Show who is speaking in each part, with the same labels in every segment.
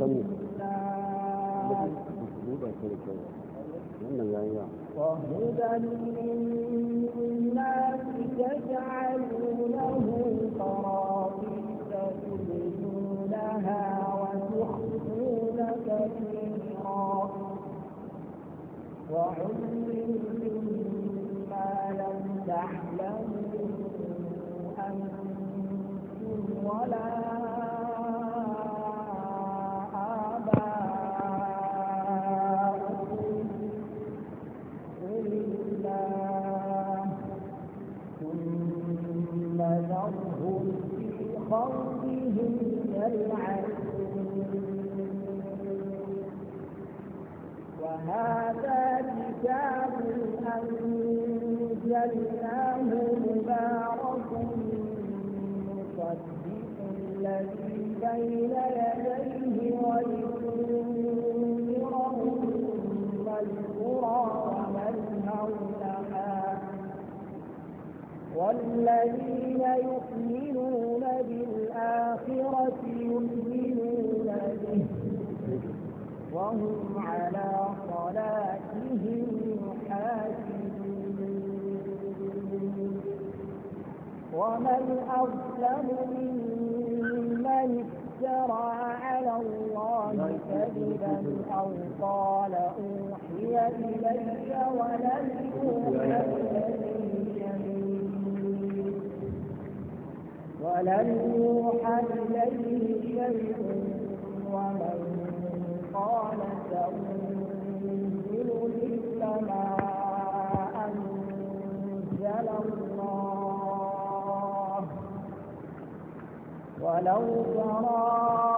Speaker 1: sani
Speaker 2: wannan ya yi
Speaker 1: وهدى للناس تجعلونه قراطيس تبدونها وتخفون كثيرا وعلمتم ما لم تعلموا أنتم ولا والعالمين وهذا كتاب أنزلناه مبارك مصدق الذي بين يديه والذين يؤمنون بالآخرة يؤمنون به وهم على صلاتهم حافظون ومن أظلم ممن افترى على الله كذبا أو قال أوحي إلي ولم يؤمن ولن يوحى إليه شيء ومن قال سأنزل مثل ما أنزل الله ولو ترى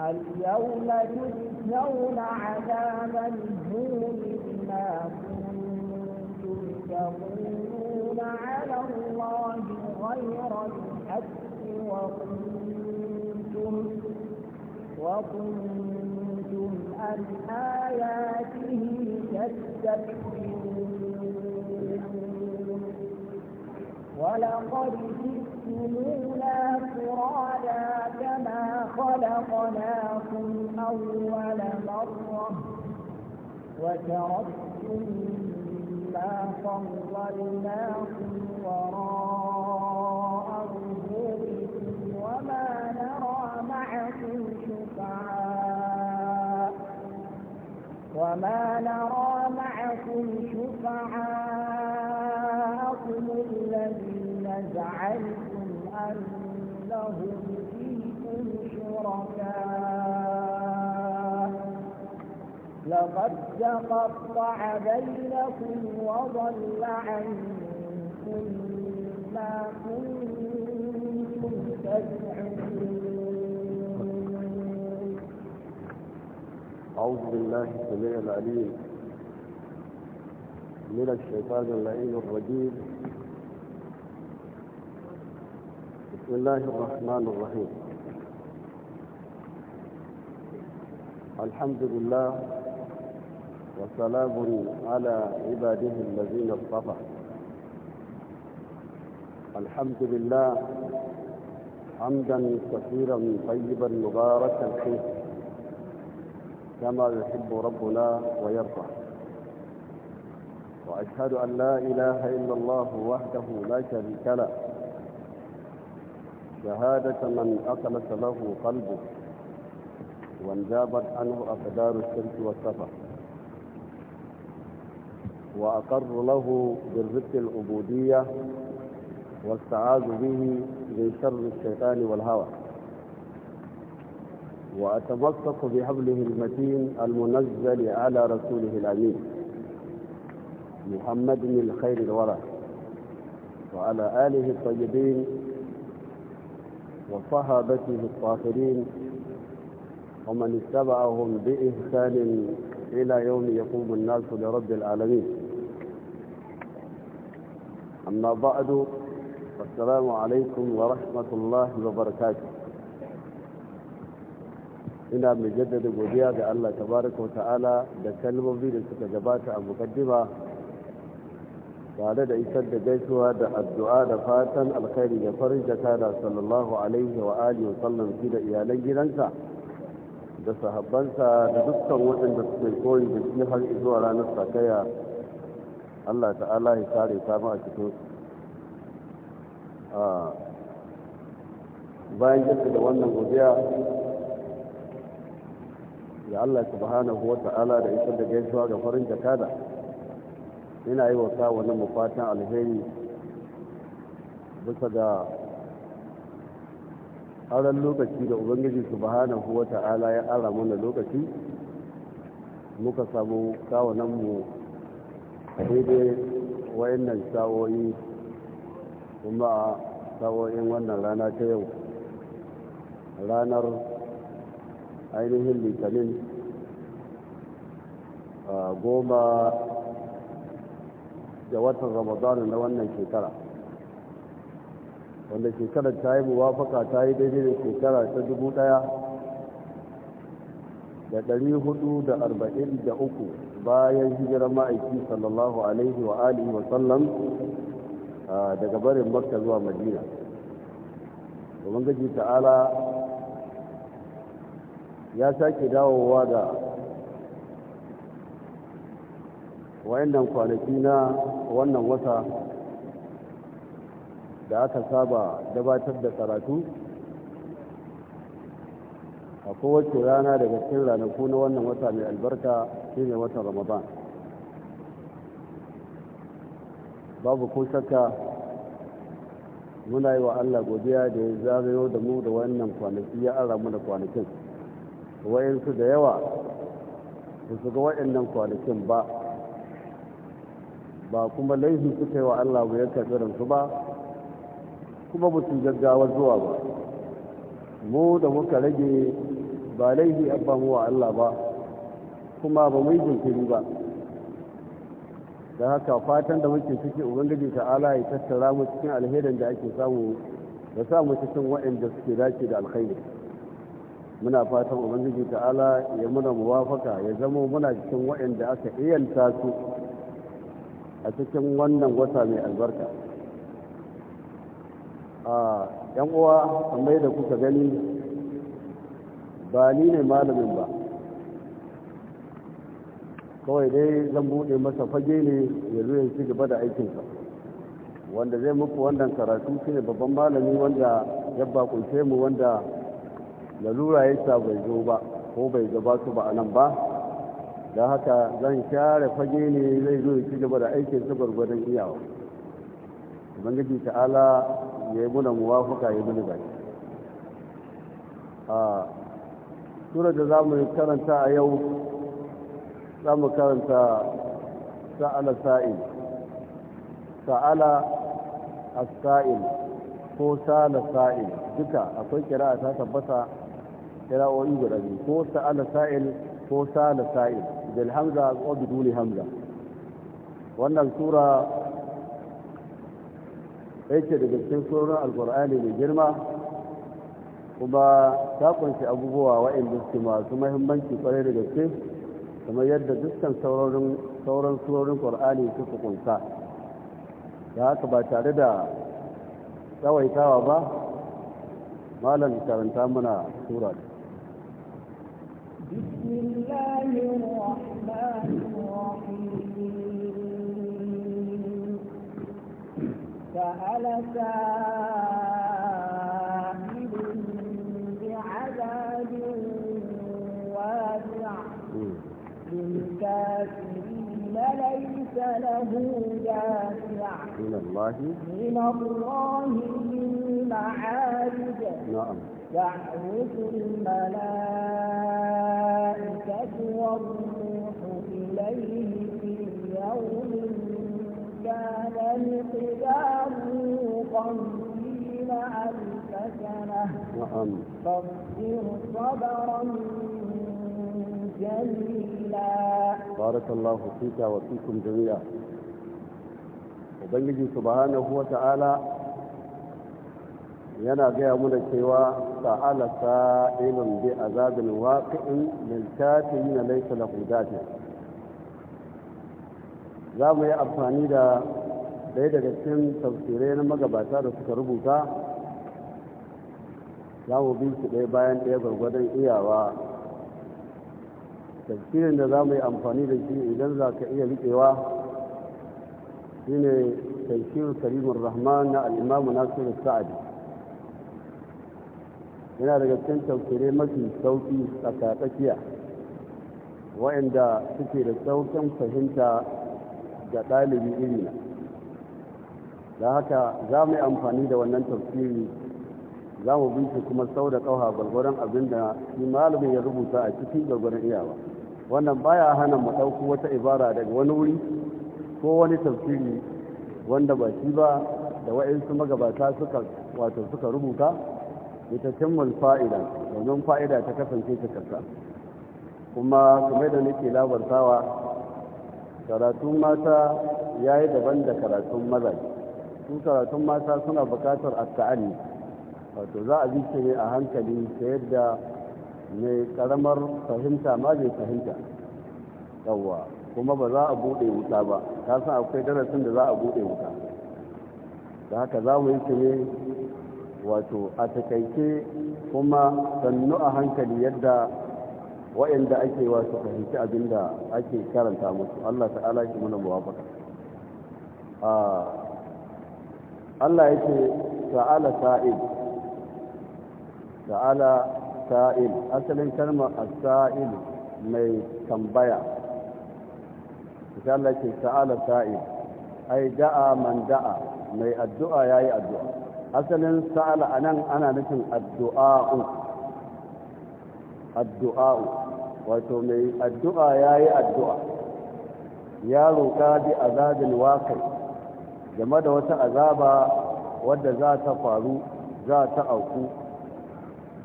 Speaker 1: اليوم تجزون عذاب الهون بما كنتم تقولون على الله غير الحق وكنتم وكنتم عن آياته تستكبرون ولقد جئتمونا فرادا كما خلقناكم أول مرة وتركتم ما فضلناكم وراء ظهوركم وما نرى معكم شفعاء وما نرى معكم شفعاء أزعمتم أنهم فيكم شركاء لقد تقطع بينكم وضل عنكم ما كنتم تدعون
Speaker 2: أعوذ بالله السميع العليم من الشيطان اللعين الرجيم بسم الله الرحمن الرحيم الحمد لله وسلام على عباده الذين اصطفى الحمد لله حمدا كثيرا طيبا مباركا فيه كما يحب ربنا ويرضى واشهد ان لا اله الا الله وحده لا شريك له شهادة من أكلت له قلبه وانجابت عنه أقدار الشرك والسفر وأقر له بالرزق العبودية واستعاذ به من شر الشيطان والهوى وأتمسك بحبله المتين المنزل على رسوله الأمين محمد الخير الورى وعلى آله الطيبين وصحابته الطاهرين ومن اتبعهم بإحسان إلى يوم يقوم الناس لرب العالمين أما بعد السلام عليكم ورحمة الله وبركاته إنا مجدد jaddada godiya ga تبارك وتعالى wa ta'ala da المقدمة tare da isar da gaisuwa da addu'a da fatan alkhairi ga farin jaka da sallallahu alaihi wa alihi wa sallam da iyalan gidansa da sahabbansa da dukkan waɗanda suke koyi da shi har zuwa ranar sakaya Allah ta'ala ya kare ta mu a cikin ah, bayan jinsu da wannan godiya ya Allah subhanahu wa ta'ala da isar da gaisuwa ga farin jaka da yana yi wa kawanin mu fatan alheri bisa ga aran lokaci da ubangiji su bahana wa ta'ala ya ara mana lokaci muka samu kawanan mu daidai wayannan sa'o'i kuma sa'o'in wannan rana ta yau ranar ainihin a goma da watan ramadana na wannan shekara wanda shekarar ta yi muwafaka ta yi daidai da shekara ta dubu daya da ɗari hudu da arba'in da uku bayan hijirar ma'aiki sallallahu alaihi wa alihi wa sallam daga barin makka zuwa madina domin gaji ta'ala ya sake dawowa ga wayannan kwanaki na wannan wata da aka saba gabatar da karatu a kowace rana daga cikin ranaku na wannan wata mai albarka shine watan ramadan babu ko shakka muna yi wa allah godiya da ya zagayo da mu da wannan kwanaki ya ara mu da kwanakin wayansu da yawa ba su ga waɗannan kwanakin ba ba kuma laifi suka yi wa Allah ba ya karɓi su ba kuma ba gaggawa zuwa ba mu da muka rage ba laifi abba mu wa Allah ba kuma ba mu jinkiri ba da haka fatan da muke ciki ubangiji ta'ala ya tattara mu cikin alherin da ake samu da sa mu cikin waɗanda suke dace da alkhairi muna fatan ubangiji ta'ala ya muna muwafaka ya zama muna cikin waɗanda aka iyanta su a cikin wannan wata mai albarka a yan uwa kamar da kuka gani ba ni ne malamin ba kawai dai zan buɗe masa fage ne ya zo ya ci gaba da aikinsa wanda zai muku wannan karatu shi ne babban malami wanda ya bakunce mu wanda lalura ya sa bai zo ba ko bai gabatu ba a nan ba da haka zan share fage ne zai zo ya ci gaba da aikin su gwargwadon iyawa ubangiji ta'ala ya yi muna muwafuka ya muna baki a tura da za mu karanta a yau za mu karanta sa'ala sa'il sa'ala as-sa'il ko sa'ala sa'il duka akwai kira ta tabbata kira'o'i guda biyu ko sa'ala sa'il ko sa'ala sa'il bil hamza ko biduni hamza wannan sura yake daga cikin surar alkur'ani mai girma kuma ta kunshi abubuwa wa'inda su masu muhimmanci kwarai da gaske kamar yadda dukkan sauran surorin qur'ani suka kunsa da haka ba tare da tsawaitawa ba malam karanta mana sura
Speaker 1: بسم على سائل بعذاب واسع للكافرين ليس له دافع من الله من الله ذي المعارج نعم تعرف الملائكة والروح إليه في يوم كان مقداره خمسين ألف سنة فاصبر صبرا جميلا
Speaker 2: بارك الله فيك وفيكم جميعا ubangiji subhanahu wa ta'ala yana gaya mana cewa ta'ala sa'ilun bi azabin waqi'in lil kafirin laysa lahu dafi za mu yi amfani da ɗaya daga cikin tafsirai na magabata da suka rubuta za mu bi su ɗaya bayan ɗaya gwargwadon iyawa tafsirin da za mu yi amfani da shi idan za ka iya riƙewa shine tafsir karimun rahman na al'imamu nasiru sa'adi yana daga cikin tafsirai mafi sauƙi a tsakiya wa'anda suke da sauƙin fahimta ga ɗalibi iri na da haka za mu yi amfani da wannan tafsiri za mu binci kuma sau da ƙauha gwargwaron abin da shi malamin ya rubuta a cikin gwargwaron iyawa wannan baya hana mu ɗauko wata ibara daga wani wuri ko wani tafsiri wanda ba shi ba da wa'insu magabata suka wato suka rubuta ita cimmul fa'ida domin fa'ida ta kasance ta kasa kuma kamar da nake labartawa karatun mata ya yi daban da karatun maza su karatun mata suna bukatar atta'ani wato za a bi ce ne a hankali ta yadda mai karamar fahimta ma zai fahimta yawwa kuma ba za a buɗe wuta ba ta san akwai darasin da za a buɗe wuta da haka za mu yi ce ne wato a takaice kuma sannu a hankali yadda waɗanda ake wa su fahimci abin da ake karanta musu Allah ta'ala shi muna muwafaka ah, Allah ya ce ta'ala sa'il ta'ala sa'il asalin kalmar as-sa'il mai tambaya sai Allah ce ta'ala sa'il ai da'a man da'a mai addu'a ya yi addu'a asalin sa'ala nan ana nufin addu'a addu'a wato mai addu'a ya yi addu'a ya roƙa bi azabin wakai. game da wata azaba wadda za ta faru za ta auku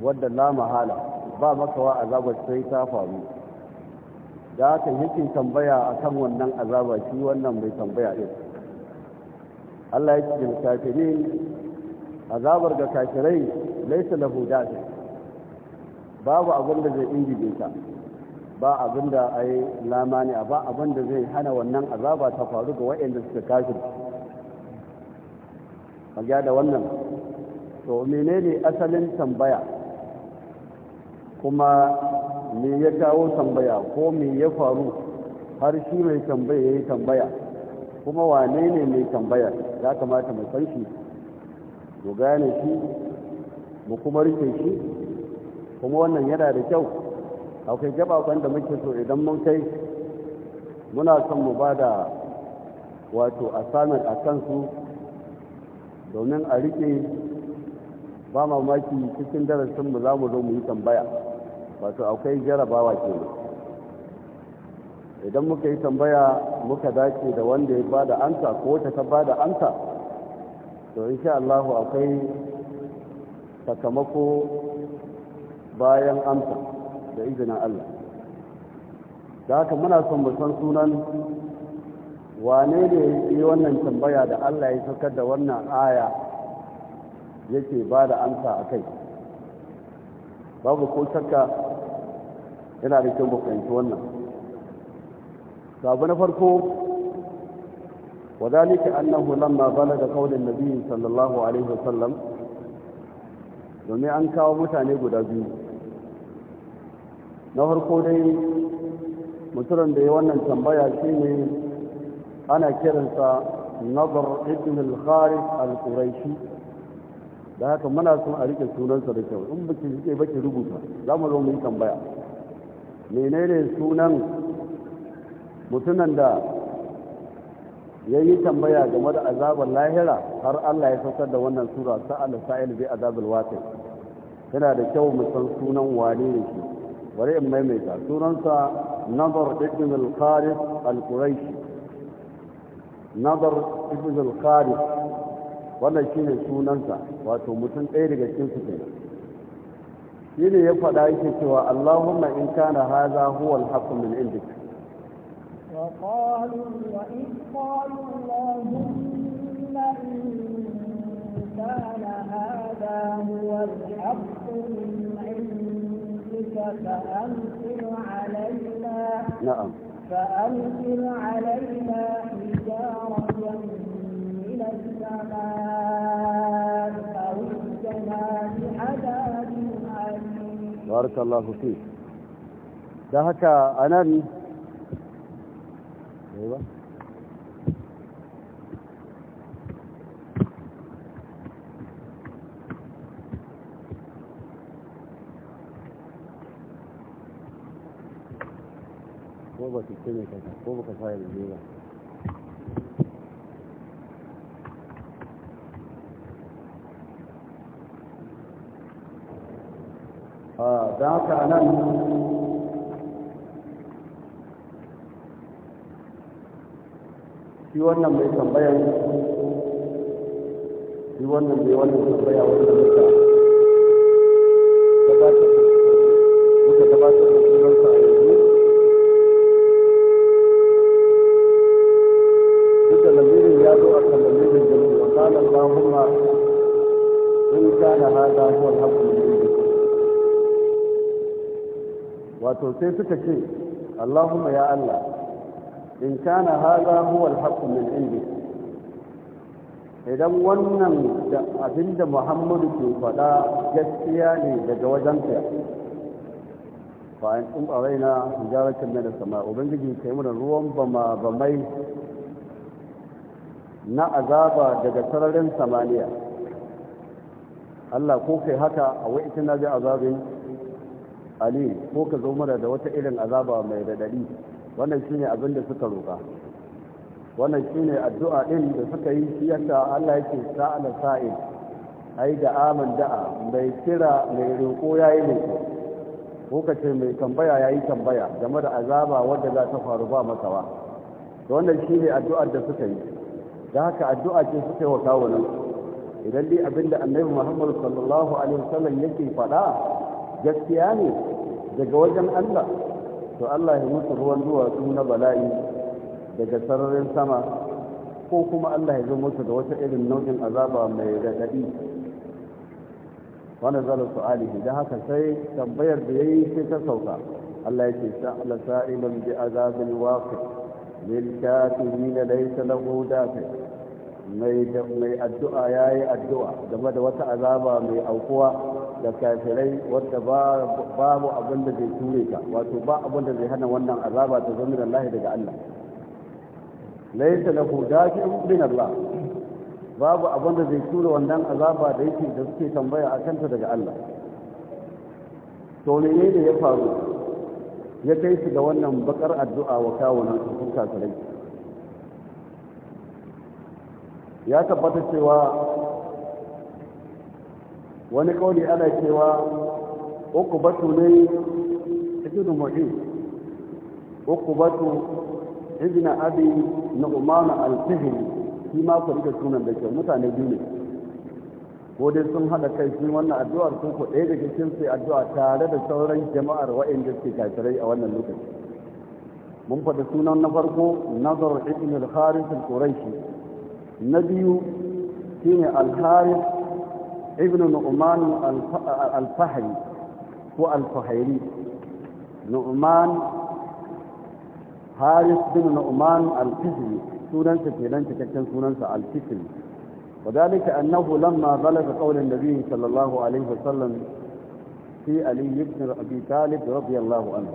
Speaker 2: wadda la mahala ba makawa azabar sai ta faru da haka yakin tambaya a kan wannan azaba shi wannan mai tambaya ɗin Allah ya ce kafirin azabar ga kafirai laisa lahu dafi babu abin da zai injige ta ba abin da ai lamani ba abin da zai hana wannan azaba ta faru ga waɗanda suka kafir kaga da wannan to menene asalin tambaya kuma me ya kawo tambaya ko me ya faru har shi mai tambaya ya yi tambaya kuma wane ne mai tambaya ya kamata mu san shi to gane shi mu kuma rike shi kuma wannan yana da kyau akwai gababan da muke so idan mun kai muna son mu ba da wato assignment a kansu domin a riƙe ba mamaki cikin darasinmu za mu zo mu yi tambaya wato akwai jarabawa ke. idan muka yi tambaya muka dace da wanda ya ba da amsa ko wata ta ba da amsa to insha Allah akwai sakamako bayan amsa da izinin Allah da haka muna son mu san sunan wane ne ya wannan tambaya da Allah ya saukar da wannan aya yake ba da amsa a kai babu ko shakka yana da kyau fahimci wannan sabu na farko وذلك أنه لما بلغ قول النبي صلى الله عليه وسلم domin an kawo mutane guda biyu na farko dai mutumin da ya wannan tambaya shi ne ana kiransa nazar ibn al-kharif al-quraishi da haka muna son a rike sunansa da kyau in baki rike baki rubuta za mu zo mu yi tambaya menene sunan mutumin da ya yi tambaya game da azabar lahira har Allah ya saukar da wannan sura sa'ala sa'il bi azabil waqi yana da kyau mu san sunan wane ne shi وريم ميميتا سورنسا نظر ابن الخارج القريشي نظر ابن الخارج ولا شيء سورنسا واتومتن ايريك تنسكينا يلي يفعل ايش سوى اللهم ان كان هذا هو الحق من عندك
Speaker 1: وقالوا وان قالوا اللهم ان كان هذا هو الحق من عندك ربك فأمطر علينا نعم فأمطر علينا حجارة من السماء أو ائتنا بعذاب أليم
Speaker 2: بارك الله فيك ده هكا أنا أيوه
Speaker 3: ba ki ce mai kasa ko baka sa yanzu
Speaker 2: ba da haka nan shi wannan mai tambayar shi wannan mai wannan tambaya wanda muka قال اللهم إن كان هذا هو الحق wato sai suka ce Allahumma ya Allah in kana hadha huwa al min indi idan wannan da abinda Muhammadu ke faɗa gaskiya ne daga wajen ta fa in tsaraina hijaratan mai da sama ubangiji kai mana ruwan ba mai? na azaba daga sararin samaniya Allah ko kai haka a wai ita na ji azabin Ali ko ka zo mara da wata irin azaba mai radadi wannan shine abin da suka roƙa wannan shine addu'a din da suka yi shi yasa Allah yake sa'ala sa'il ai da aman da'a mai kira mai roƙo yayi ne ko ka ce mai tambaya yayi tambaya game da azaba wanda za ta faru ba masa ba wannan shine addu'ar da suka yi da haka addu'a ce suka yi wa kawunan idan dai abinda annabi muhammad sallallahu alaihi wasallam yake faɗa gaskiya ne daga wajen allah to allah ya mutu ruwan duwatsu na bala'i daga sararin sama ko kuma allah ya zo musu da wata irin nau'in azaba mai raɗaɗi wani zala alihi da haka sai tambayar da ya yi sai ta sauka allah ya ce sa'ala sa'ilun bi azabin waqi lil kafirin laysa lahu dafi' mai addu'a ya yi addu'a game da wata azaba mai aukuwa da kafirai wadda babu abin da zai ture ka, wato ba abin da zai hana wannan azaba ta zama da lahi daga Allah laisa lahu dafi'un min Allah babu abin da zai ture wannan azaba da yake da suke tambaya a kanta daga Allah to ne ya faru ya kai su ga wannan bakar addu'a wa kawunan sun kafirai ya tabbata cewa wani kauli ana cewa uku batu ne cikin mu'in uku batu ibn abi nu'man al-fihri shi ma ku rike sunan da ke mutane biyu ne ko dai sun hada kai shi wannan addu'ar ko ko ɗaya daga cikin sai addu'a tare da sauran jama'ar wa'inda suke kafirai a wannan lokaci mun faɗi sunan na farko nazar ibn al kharis al-quraishi نبي سين الحارث ابن نعمان الفهري هو الفهيري نعمان حارث بن نعمان الفهري سنن سنن تكتن سنن الفهري وذلك أنه لما بلغ قول النبي صلى الله عليه وسلم في علي بن أبي طالب رضي الله عنه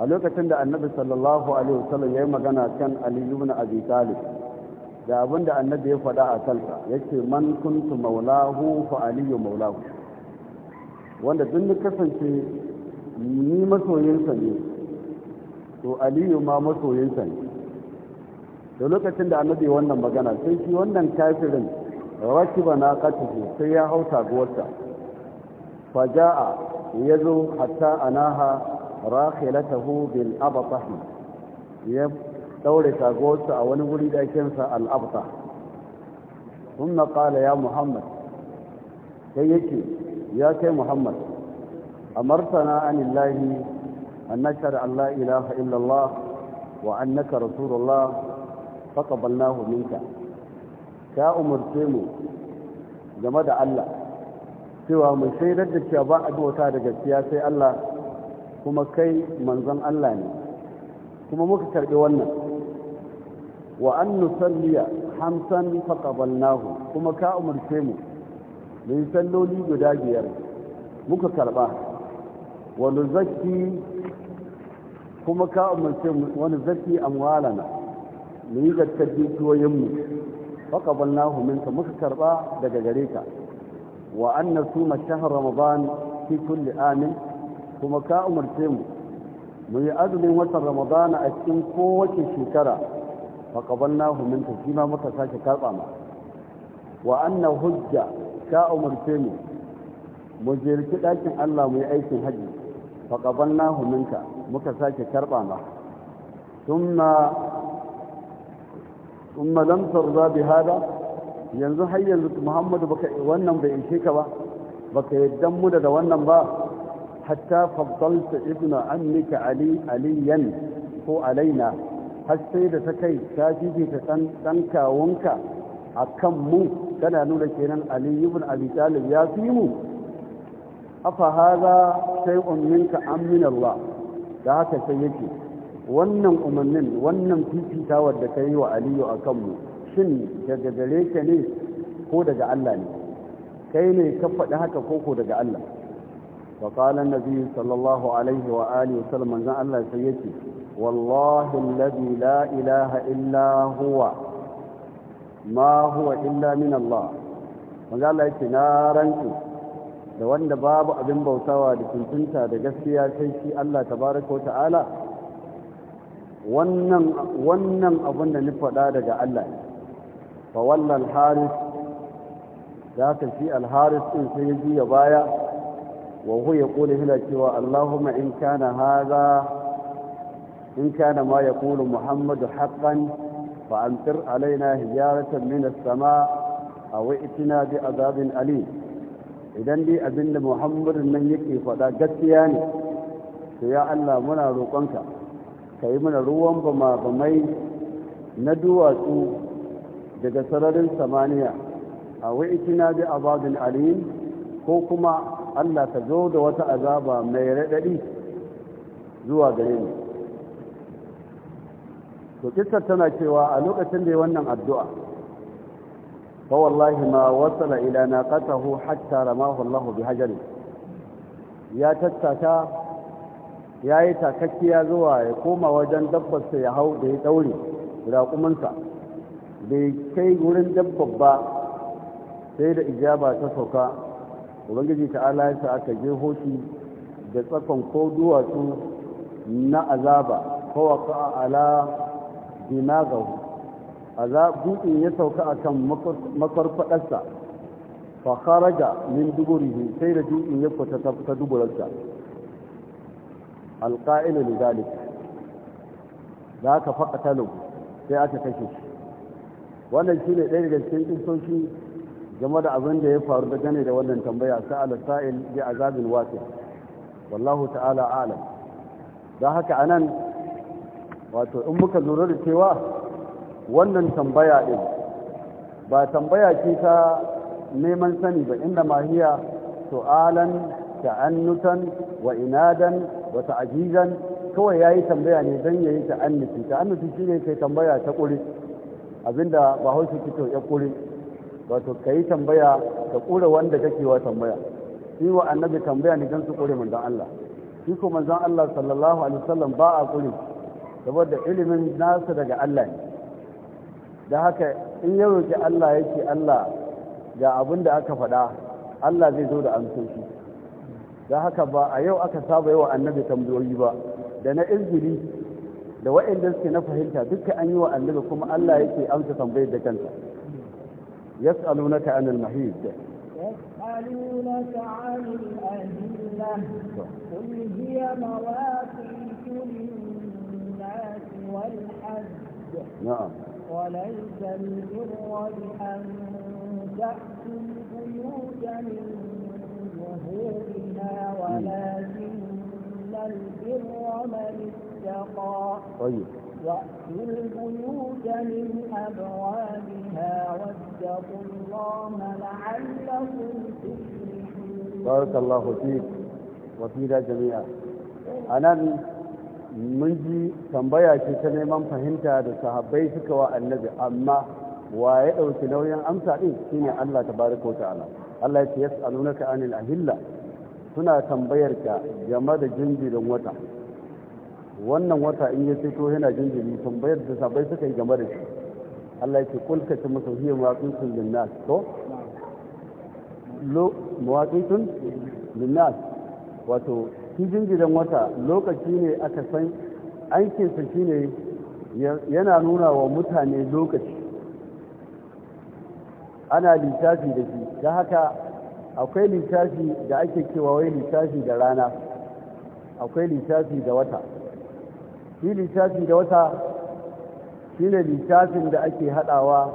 Speaker 2: a lokacin النبي صلى الله عليه وسلم ya yi كان علي بن ابي طالب ga abin da annabi ya faɗa a kansa yake man kuntu maulahu fa aliyu maulahu wanda duk ni kasance ni masoyinsa ne to aliyu ma masoyinsa ne da lokacin da annabi wannan magana sai shi wannan kafirin rakiba na katifu sai ya hau taguwarsa faja'a ya zo hatta anaha rakhilatahu bil abatahi ya daure tagowarsa a wani wuri da kinsa al'abta sun na ya muhammad sai yake ya kai muhammad a martana anillahi an nashar allah ilaha illallah wa annaka rasulullah faqabalnahu minka ka umarce mu game da allah cewa mu shaidar da cewa ba a wata da gaskiya sai allah kuma kai manzon allah ne kuma muka karɓi wannan wa an nusalliya hamsan faqabalnahu kuma ka umarce mu mun salloli guda biyar muka karba wa nuzakki kuma ka umarce mu wa nuzakki amwalana mu yi zakkaci tuwoyin mu faqabalnahu minka muka karba daga gare ka wa an nasuma shahr ramadan fi kulli amin kuma ka umarce mu mu yi azumin watan ramadana a cikin kowace shekara fa qabannahu minka shi ma muka sake karɓa ma wa anna hujja ka umarce mu mu jirki ɗakin Allah mu yi aikin hajji. fa qabannahu minka muka sake karɓa ma thumma thumma lam tarda bi hada yanzu har yanzu Muhammadu baka wannan bai ishe ka ba baka yaddan mu da wannan ba hatta faddalta ibnu annika ali aliyan ko alaina har sai da ta kai ta fifita ɗan kawunka a kan mu tana nuna kenan ali ibn abi talib ya fi mu afa haza sai umminka an Allah da haka sai yake wannan umarnin wannan fifitawar da ka yi wa aliyu a kanmu shin daga gare ka ne ko daga Allah ne kai ne ka faɗi haka koko daga Allah وقال النبي صلى الله عليه وآله وسلم من زعل الله سيتي والله الذي لا إله إلا هو ما هو إلا من الله من زعل الله نارنك da wanda babu abin bautawa da tuntunta da gaskiya sai shi Allah tabaraka wa ta'ala wannan wannan abin da ni faɗa daga Allah fa wallal haris da ka shi al haris din sai ya juya baya وهو يقول هنا سوى اللهم إن كان هذا إن كان ما يقول محمد حقا فأنتر علينا هجارة من السماء أو ائتنا بعذاب أليم إذن لي أبن محمد من يكي فلا جتياني سيا الله منا روقنك كي من روان بما بمي ندوات دقى سرر سمانية أو ائتنا بعذاب أليم كوكما Allah ka zo da wata azaba mai raɗaɗi zuwa gare ni to kissar tana cewa a lokacin da ya wannan addu'a fa wallahi ma wasala ila ƙasahu hatta ramahu Allah bi hajari ya tattaka ya yi takakkiya zuwa ya koma wajen dabbarsa ya hau da ya daure raƙumansa bai kai wurin dabbar ba sai da ijaba ta sauka ubangiji ta'ala ya sa aka je hoti da tsakon ko duwatsu na azaba ko ka ala dinagahu azab dutsen ya sauka akan makarfadarsa fa kharaja min duburihi sai da dutsen ya fita ta duburarsa alqa'ilu lidalik da aka faɗa talo sai aka kashe shi wannan shine ɗaya daga cikin tsoshi game da abin da ya faru da gane da wannan tambaya sa'ala sa'il bi azabin waqi wallahu ta'ala alam haka anan wato in muka lura da cewa wannan tambaya din ba tambaya ce ta neman sani ba inda mahiya su'alan ta'annutan wa inadan wa ta'ajizan kawai ya yi tambaya ne don yayi yi ta'annuti ta'annuti shine ne kai tambaya ta ƙuri abinda bahaushe kito ya ƙuri wato ka yi tambaya ka ƙura wanda kake wa tambaya shi wa annabi tambaya ne don su ƙure manzon Allah shi ko manzon Allah sallallahu alaihi wasallam ba a ƙure saboda ilimin nasa daga Allah ne da haka in ya roƙi Allah yake Allah ga abin da aka faɗa Allah zai zo da amsoshi da haka ba a yau aka saba wa annabi tambayoyi ba da na izgiri da waɗanda suke na fahimta duka an yi wa annabi kuma Allah yake amsa tambayar da kansa يسألونك عن المحيط
Speaker 1: يسألونك عن الأهلة قل هي مواقيت للناس والحج نعم وليس البر بأن تأتوا البيوت من ظهورها ولكن البر من اتقى طيب وأتوا البيوت من أبوابها واتقوا الله لعلكم تفلحون بارك الله فيك
Speaker 2: وفينا جميعا أنا mun ji tambaya ce ta neman fahimta da sahabbai suka wa annabi amma wa ya ɗauki nauyin amsa ɗin shine Allah ta baraka ta'ala Allah ya ce yas'alunaka anil ahilla suna tambayar ka game da jinjirin wata wannan wata in ya fito yana jinjiri tambayar da sabai suka yi game da shi Allah yake kulka ta musu hiya muwaqitun linnas to lo muwaqitun linnas wato shi jinjirin wata lokaci ne aka san aikin sa shine yana nuna wa mutane lokaci ana littafi da shi Ta haka akwai littafi da ake cewa wai littafi da rana akwai littafi da wata shi lissafi da wata shi ne lissafin da ake haɗawa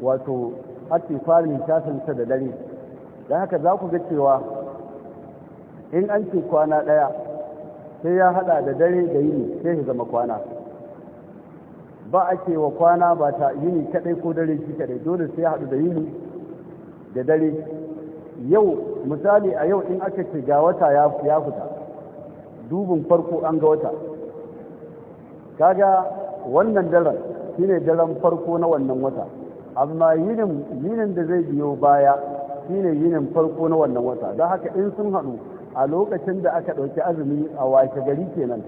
Speaker 2: wato ake fara littafinsa da dare don haka za ku ga cewa in an ce kwana ɗaya sai ya haɗa da dare da yini sai ya zama kwana ba a ce wa kwana ba ta yini kaɗai ko dare shi kaɗai dole sai ya haɗu da yini da dare yau misali a yau in aka ce ga wata ya fita dubin farko an ga wata kaga wannan daren shine daren farko na wannan wata amma yinin yinin da zai biyo baya shine yinin farko na wannan wata don haka in sun haɗu a lokacin da aka ɗauki azumi a washe gari kenan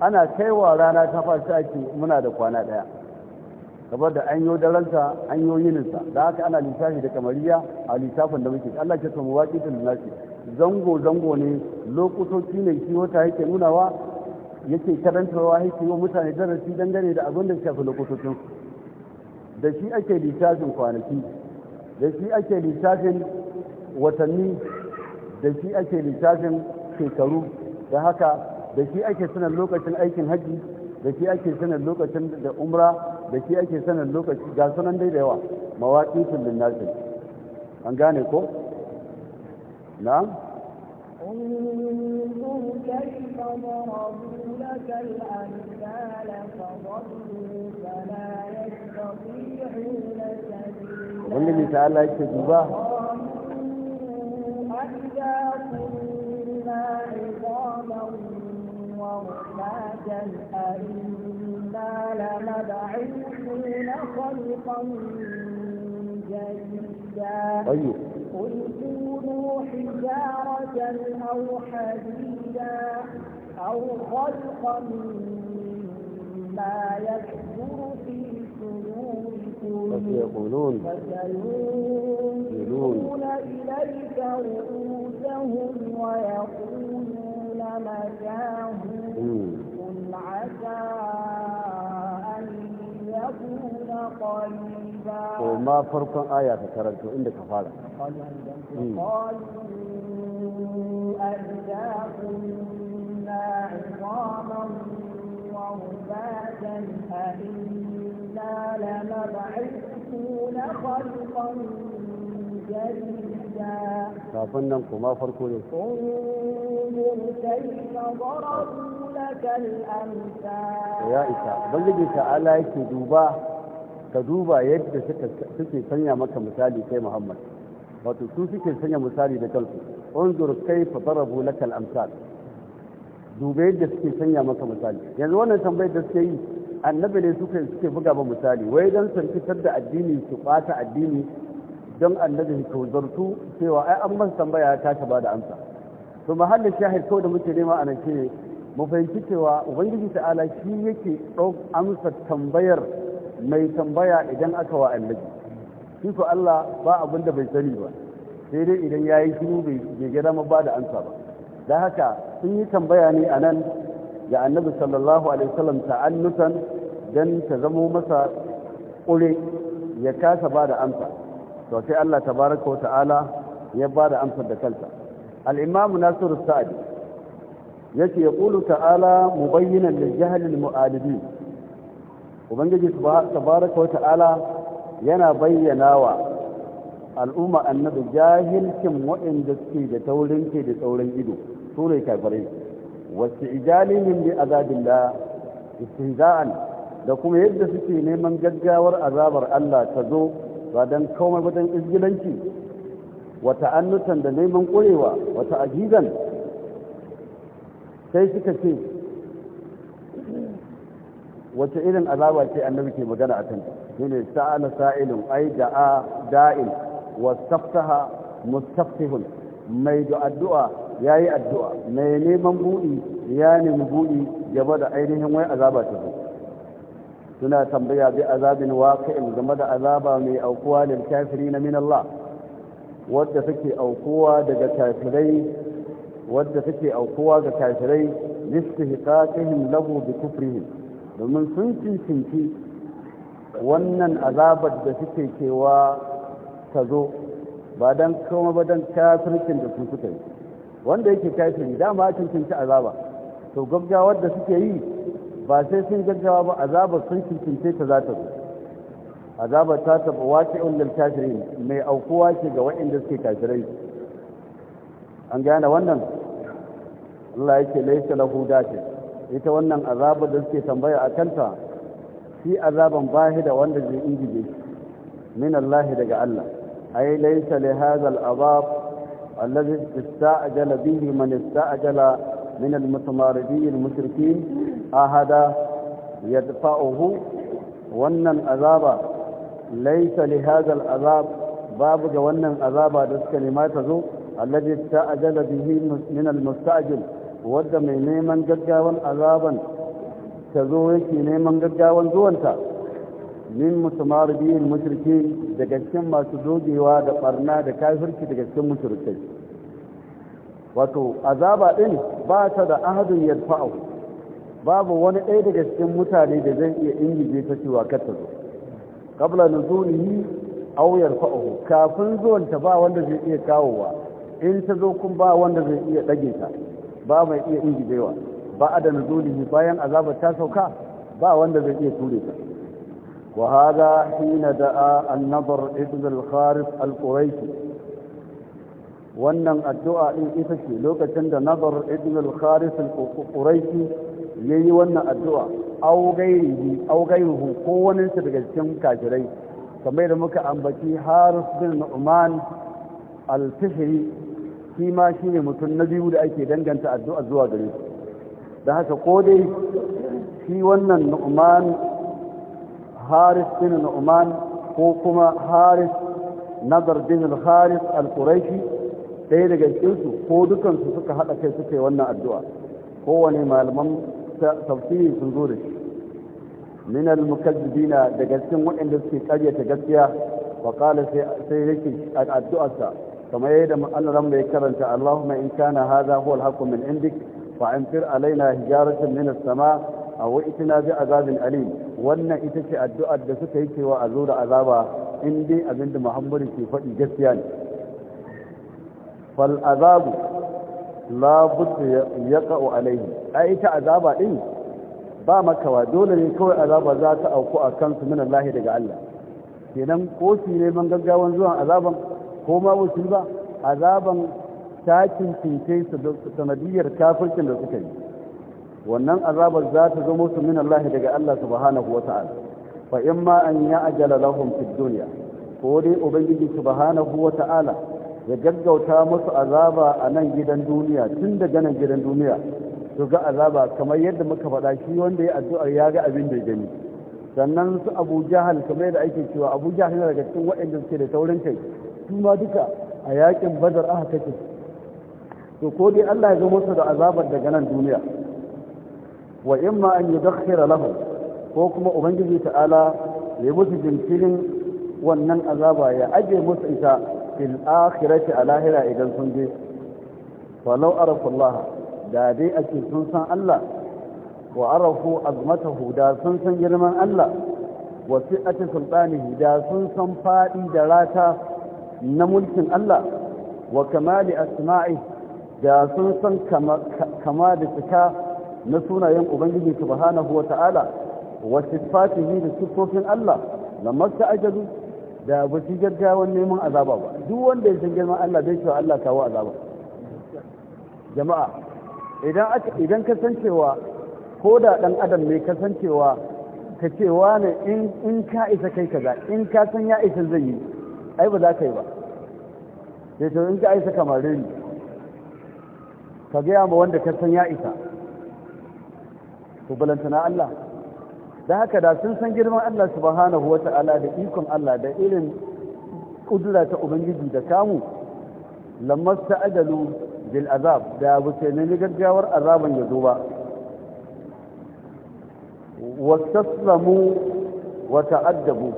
Speaker 2: ana kaiwa rana ta fashi ake muna da kwana ɗaya kamar da an yi daransa an yi yininsa da haka ana lissafi da kamariya a lissafin da muke Allah ke samu waƙi da nasi zango zango ne lokutoci ne shi wata yake nunawa yake karantarwa yake yi wa mutane darasi dangane da abin da shafi lokutocin da shi ake littafin kwanaki da shi ake littafin watanni da shi ake littafin shekaru da haka da shi ake sanar lokacin aikin haji da shi ake sanar lokacin da umra da shi ake sanar lokaci ga sunan dai da yawa mawaƙi sun linnasi an gane ko na'am
Speaker 1: انظر كيف ضربوا لك الأمثال فضلوا فلا يستطيعون سبيلا والنبي تعالى يكتبه أئذا كنا عظاما ورفاتا أئنا لمبعوثون خلقا جديدا أيوه قل كونوا حجارة أو حديدا أو خلقا مما يكبر في صدوركم فسيقولون فسيقولون إليك رؤوسهم ويقولون متاه قل عسى يذهبون قريبا وما
Speaker 2: فرق آيات تكررت عندك فعلا
Speaker 1: قالوا أئذا كنا عظاما ورفاتا أئنا لمبعثون خلقا جديدا
Speaker 2: kafin nan kuma farko ne ya isa ban ubangiji ta'ala yake duba ka duba yadda suke sanya maka misali kai muhammad wato su suke sanya misali da kansu unzur kaifa darabu laka al-amsal dube yadda suke sanya maka misali yanzu wannan tambayar da suke yi annabi ne suke suke buga ba misali wai dan san fitar da addini su bata addini don annabi ta zartu cewa ai an man tambaya ta ta ba da amsa to mahallin shahid ko da muke nema anan ce ne mu fahimci cewa ubangiji ta'ala shi yake ɗauk amsa tambayar mai tambaya idan aka wa annabi shi ko Allah ba abin da bai sani ba sai dai idan yayi shiru bai gida ma ba da amsa ba da haka sun yi tambaya ne anan ga annabi sallallahu alaihi wasallam ta'annutan dan ta zamo masa ƙure ya kasa ba da amsa to sai Allah tabaraka ta'ala ya bada amsar da kansa al-imam nasir sa'di yake yaqulu ta'ala mubayyinan lil jahl al mu'alidin ubangiji tabaraka ta'ala yana bayyana wa al'umma annabi jahilcin waɗanda suke da taurin ke da tsaurin ido su ne kafirai wasu ijalihim bi azabillah istihza'an da kuma yadda suke neman gaggawar azabar Allah ta zo ba don komai wajen izgilanci wata annutan da neman ƙurewa wata ajizan sai suka ce wace irin azaba ce annabi ke magana a kanta shi ne sa'ala sa'ilun ai da'a da'il wastaftaha mustaftihun mai da addu'a yayi addu'a mai neman buɗi ya nemi buɗi gaba da ainihin wai azaba ta zo suna tambaya bi azabin waqi'in game da azaba mai aukuwa lil kafirin min Allah wadda suke aukuwa daga kafirai wadda suke aukuwa ga kafirai listihqaqihim lahu bi kufrihim domin sun cincinci wannan azabar da suke cewa ta zo ba dan kuma ba dan kafircin da su suka yi wanda yake kafiri dama cincinci azaba to gaggawar da suke yi ba sai sun gaggawa ba azabar sun cincince ta za ta zo azabar ta taɓa wace ulil kafirin mai aukuwa ce ga waɗanda suke kafirai an gane wannan Allah yake laisa lahu dace ita wannan azabar da suke tambaya a kanta shi azaban bahi da wanda zai ingije min Allah daga Allah ai laisa li hadha al-azab alladhi ista'jala bihi man ista'jala min al-mutamaridin al-mushrikin ahada yadfa'uhu wannan azaba laysa li hadha al'azab babu ga wannan azaba da suka nema ta zo alladhi ta'ajjala bihi min al-musta'jil wadda mai neman gaggawan azaban ta zo yake neman gaggawan zuwanta min mutamaribiyin mushriki daga cikin masu dogewa da barna da kafirci daga cikin mushrikai wato azaba din ba ta da ahadin yadfa'u babu wani ɗaya daga cikin mutane da zai iya ingije ta cewa kar ta zo qabla nuzulihi auyar yarfa'uhu kafin zuwan ta ba wanda zai iya kawowa in ta zo kun ba wanda zai iya ɗage ta ba mai iya ingijewa ba a da na nuzulihi bayan azabar ta sauka ba wanda zai iya ture ta وهذا حين دعا al kharif al القريشي wannan addu'a din ita ce lokacin da nazar ibn al-kharis al-quraisi yi wannan addu'a au gairihi au ko wani su daga cikin kafirai kamar da muka ambaci Harus bin Nu'man al-Fihri shi ma shi ne mutum na biyu da ake danganta addu'a zuwa gare shi da haka ko dai shi wannan Nu'man Haris bin Nu'man ko kuma Haris Nazar bin Haris al-Quraishi ɗaya daga cikinsu ko dukansu suka haɗa kai suka yi wannan addu'a kowane malaman tafsiri sun zo da shi min al-mukazzibina daga cikin waɗanda suke karyata gaskiya wa qala sai sai yake addu'arsa kamar yadda Allah ran mai karanta Allahumma in kana hadha huwa al-haqqu min indik fa amtir alaina hijaratan min as-sama aw itina bi azabin alim wannan ita ce addu'ar da suka yi cewa a zo da azaba in dai abinda Muhammadu ke faɗi gaskiya ne fal azabu Labutu ya ƙa'o alaihi a ita azaba ɗin ba makawa dole ne kawai azaba za ta auku a kansu min lahi daga Allah kenan ko su neman gaggawan zuwan azaban ko ma wasu ba azaban ta cincince su sanadiyar kafircin da suka yi wannan azabar za ta zo musu min Allah daga Allah subhanahu wa ta'ala fa imma an ya'jala lahum fid dunya ko dai ubangiji subhanahu wa ta'ala ya gaggauta musu azaba a nan gidan duniya tun daga nan gidan duniya su ga azaba kamar yadda muka faɗa shi wanda ya addu'ar ya ga abin da gani sannan su abu jahal kamar yadda ake cewa abu jahal yana daga cikin waɗanda suke da taurin kai su ma duka a yakin bazar aka kake to ko dai Allah ya zo musu da azabar daga nan duniya wa imma an yudakhkhira lahum ko kuma ubangiji ta'ala ya musu jinkirin wannan azaba ya aje musu ita fil akhirati a lahira idan sun je walau arafullah da dai ake sun san Allah wa arafu azmatahu da sun san girman Allah wa fi'ati sultanihi da sun san fadi da rata na mulkin Allah wa kamali asma'i da sun san kama da cika na sunayen ubangiji subhanahu wa ta'ala wa sifatihi da sifofin Allah lamma ta'ajjadu da ba su gaggawan neman azaba ba duk wanda ya san girman Allah zai cewa Allah kawo azaba jama'a idan idan ka san cewa ko da dan adam ne ka san cewa ka cewa ne in in ka isa kai kaza in ka san ya isa zai yi ai ba za ka yi ba sai to in ka isa kamar ni ka ga ma wanda ka san ya isa to balantana Allah da haka da sun san girman Allah subhanahu wa ta'ala da ikon Allah da irin kudura ta ubangiji da kamu lammas ta ajalu bil azab da bu ce ne gaggawar azaban ya zo ba wastaslamu wa ta'addabu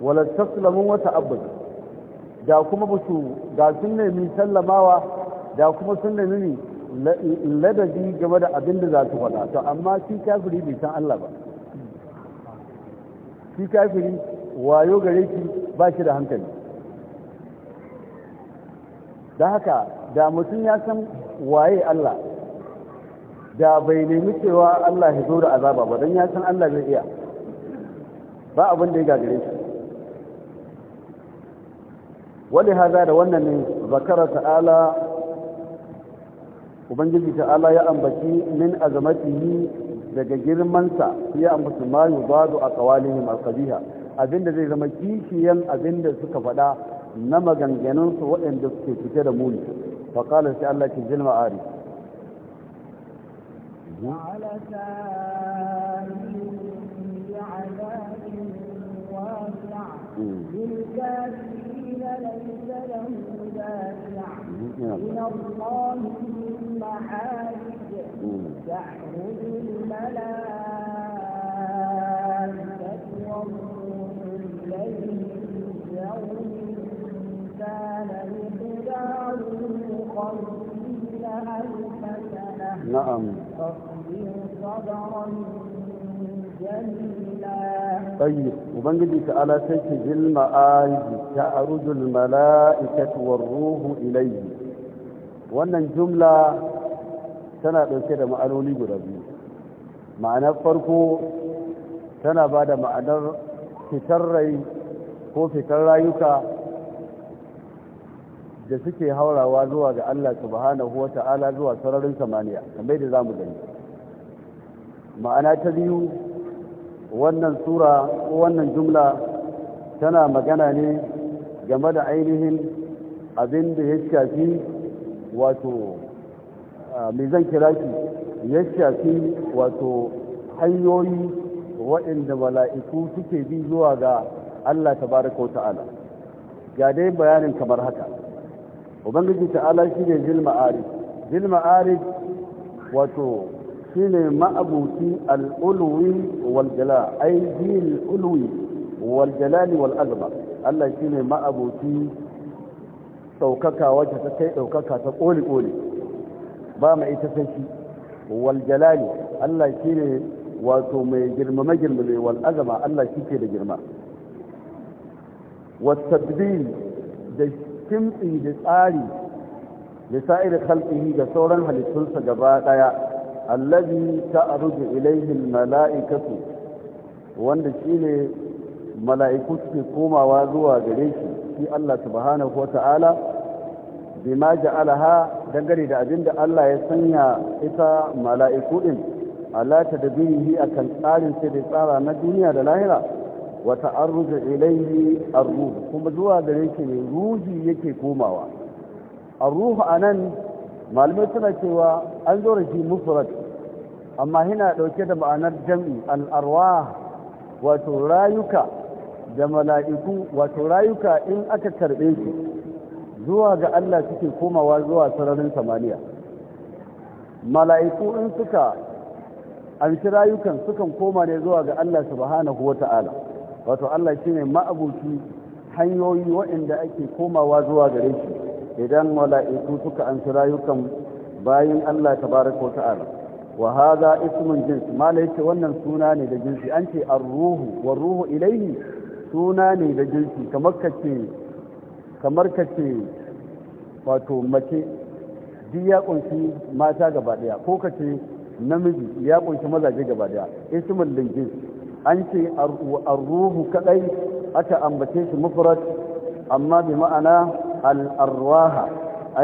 Speaker 2: wala taslamu wa ta'abbadu da kuma ba su ga sun nemi sallamawa da kuma sun nemi ladabi game da abin da za su faɗa to amma shi kafiri bai san Allah ba shi kafiri wayo gare ki ba shi da hankali da haka da mutum ya san waye Allah da bai nemi cewa Allah ya zo da azaba ba don ya san Allah zai iya ba abin da ya gagare shi wani haza da wannan ne zakara ta'ala ubangiji ta'ala ya ambaci min azamatihi daga girmansa ya musu ma yubadu a kawalihim alqabiha abinda zai zama kishiyan abinda suka faɗa na maganganunsu waɗanda suke fice da muni fa qala sai Allah ki jilma ari
Speaker 1: للكافرين ليس له دافع من الله من محارم تعرج الملائكة والروح إليه في يوم كان مقداره خمسين ألف سنة نعم تصبر صبرا طيب
Speaker 2: وبنجي على سيكي المآرج تعرج الملائكة والروح إليه وأن الجملة tana ɗauke da ma'anoni guda biyu ma'anar farko tana ba da ma'anar fitar rai ko fitar rayuka da suke haurawa zuwa ga Allah subhanahu wa ta'ala zuwa sararin samaniya kamar da za mu gani ma'ana ta biyu wannan sura ko wannan jumla tana magana ne game da ainihin abin da ya shafi wato mai zan kira shi ya shafi wato hanyoyi waɗanda mala'iku suke bi zuwa ga Allah tabaraka wa ta'ala ga dai bayanin kamar haka ubangiji ta'ala shi ne zil ma'arif zil ma'arif wato shi ne ma'abuci al'ulwi wal ai zil ulwi wal jalali wal Allah shi ne ma'abuci ɗaukaka wacce ta kai ɗaukaka ta ƙoli-ƙoli ba mu ita sai shi wal jalali Allah shine wato mai girma magirmame wal azama Allah shi ke da girma was da kimtsi da tsari da sa'ir khalqihi da sauran halittunsa gaba daya allazi ta'rudu ilayhi al mala'ikatu wanda shine mala'iku suke komawa zuwa gare shi shi Allah subhanahu wa ta'ala bima ja'alaha dangane da abin da Allah ya sanya ita mala'iku din Allah ta da yi a kan tsarin sai da tsara na duniya da lahira wa ta'arruju ilayhi ar-ruh kuma zuwa gare shi ne ruhi yake komawa ar a nan, malamai suna cewa an zo da shi amma hina dauke da ma'anar jam'i al-arwah wato rayuka da mala'iku wato rayuka in aka karbe su zuwa ga Allah suke komawa zuwa sararin samaniya mala'iku in suka amshi rayukan sukan koma ne zuwa ga Allah subhanahu wata'ala wato Allah shine ma'abuci hanyoyi waɗanda ake komawa zuwa gare shi idan mala'iku suka amshi rayukan bayan Allah tabaraka wata'ala wa hadha ismun jins malai ce wannan suna ne da jinsi an ce ar-ruhu war-ruhu ilayhi suna ne da jinsi kamar kace kamar ka ce wato mace duk ya kunshi mata gaba daya ko ka ce namiji ya kunshi mazaje gaba daya ismul linjin an ce arruhu kadai aka ambace shi mufrad amma bi ma'ana al-arwaha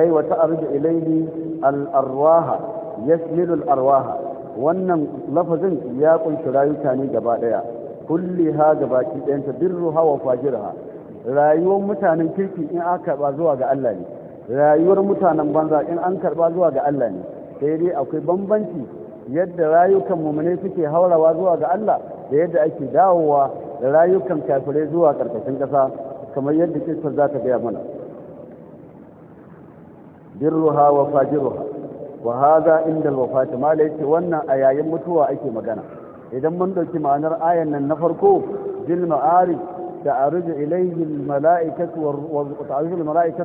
Speaker 2: ay wa ta'ruju ilayhi al-arwaha yasmilu al-arwaha wannan lafazin ya kunshi rayuka ne gaba daya kulliha gabaki ɗayanta birruha wa fajirha rayuwar mutanen kirki in an karɓa zuwa ga Allah ne rayuwar mutanen banza in an karɓa zuwa ga Allah ne sai dai akwai bambanci yadda rayukan mumune suke haurawa zuwa ga Allah da yadda ake dawowa da rayukan kafirai zuwa karkashin ƙasa kamar yadda kisar za ta gaya mana birruha wa fajiruha wa haza inda alwafati mala yace wannan a yayin mutuwa ake magana idan mun ɗauki ma'anar ayan nan na farko bil ta'aruju ilayhi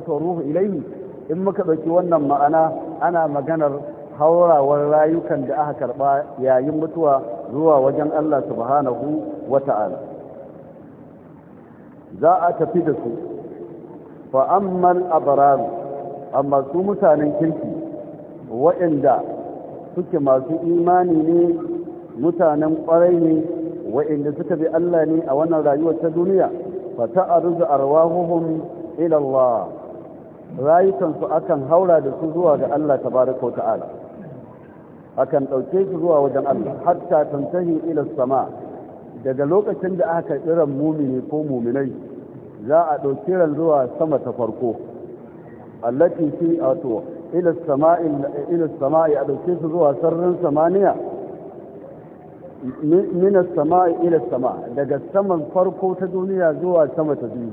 Speaker 2: ruhu ilayhi in muka dauki wannan ma'ana ana maganar haurawar rayukan da aka karba yayin mutuwa zuwa wajen Allah subhanahu wa ta'ala za a tafi da su fa ammal abrar amma su mutanen kirki waɗanda suke masu imani ne mutanen ƙwarai ne wa'inda suka bi Allah ne a wannan rayuwar ta duniya fa ta'aruzu arwahuhum ila Allah rayukan su akan haura da su zuwa ga Allah tabaraka ta'ala akan dauke su zuwa wajen Allah hatta tantahi ila sama daga lokacin da aka karbi ran mumini ko muminai za a dauki ran zuwa sama ta farko allati fi ato ila sama'i ila sama'i a dauke su zuwa sararin samaniya minas sama ila sama daga saman farko ta duniya zuwa sama ta biyu